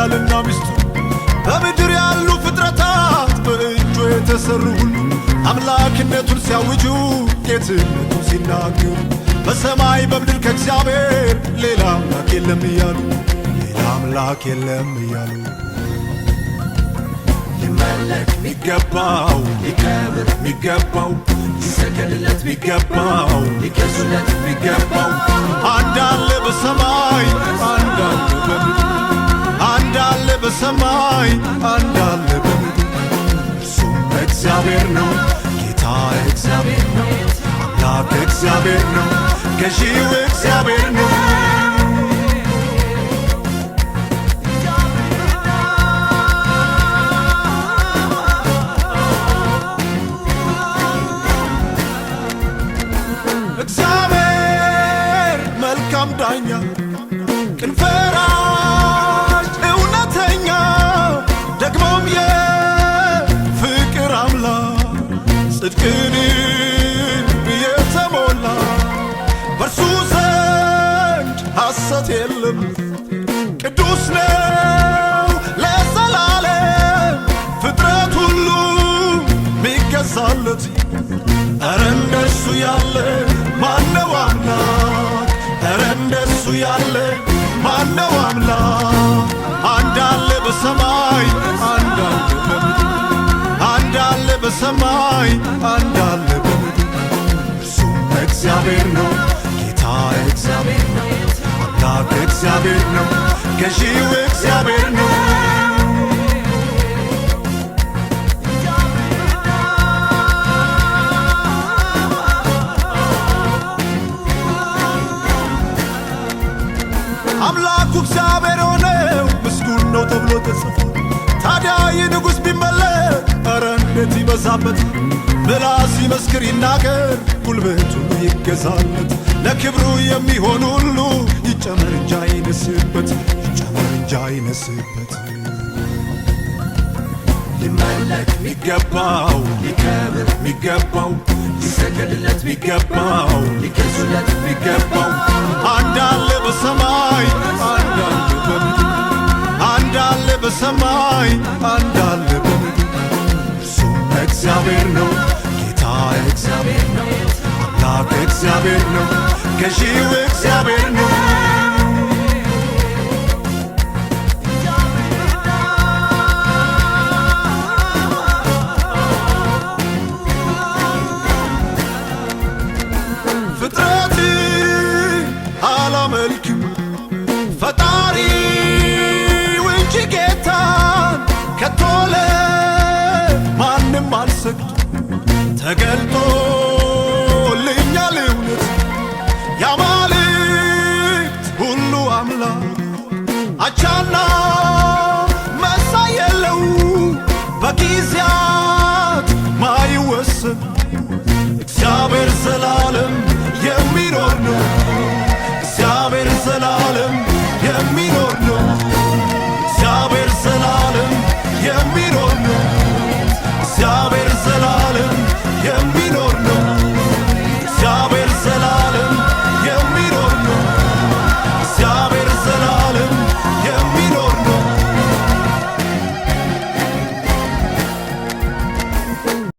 ባልና ሚስቱ በምድር ያሉ ፍጥረታት በእጁ የተሰሩ ሁሉ አምላክነቱን ሲያውጁ ጌትነቱ ሲናገሩ በሰማይ በምድር ከእግዚአብሔር ሌላ አምላክ የለም እያሉ ሌላ አምላክ የለም እያሉ ሊመለክ ሚገባው ሊከብር ሚገባው ሊሰገድለት ሚገባው ሊገዙለት ሚገባው አንዳለ በሰማይ በሰማይ አንድ አለ በምድር እርሱም እግዚአብሔር ነው። ጌታ እግዚአብሔር ነው። አምላክ እግዚአብሔር ነው። ገዢው እግዚአብሔር ነው። እግዚአብሔር መልካም ዳኛ ቅንፈ ዘንድ ሐሰት የለም። ቅዱስ ነው ለዘላለም ፍጥረት ሁሉ ሚገዛለት። እረ እንደሱ ያለ ማነው አምላክ? ኧረ እንደሱ ያለ ማነው አምላክ? አንዳለ በሰማይ አንዳለ በምድር አንዳለ በሰማይ አንዳለ በምድር እርሱ እግዚአብሔር ነው። እግዚአብሔር ነው። እግዚአብሔር ነው። ገዢው እግዚአብሔር ነው። አምላኩ እግዚአብሔር ሆነው ምስጉን ነው ተብሎ ተጽፎ ታዲያ ይህ ንጉሥ ቢመለክ ኧረ እንዴት ይበዛበት! ምላስ ይመስክር ይናገር ጉልበቱ ይገዛለት ለክብሩ የሚሆን ሁሉ ይጨመር እንጂ አይነስበት፣ ይጨመር እንጂ አይነስበት። ሊመለክ ሚገባው ሊከብር ሚገባው ሊሰገድለት ሚገባው ሊገዙለት ሚገባው አንድ በሰማይ አንድ በምድር አንድ በሰማይ አንድ በምድር እርሱም እግዚአብሔር ነው። እግዚአብሔር ነው። አምላክ እግዚአብሔር ነው። ገዢው እግዚአብሔር ነው። ከቶለ ማንም አልሰግድ ተገልጦ ተገልጦልኛል እውነት ያማልክት ሁሉ አምላክ አቻና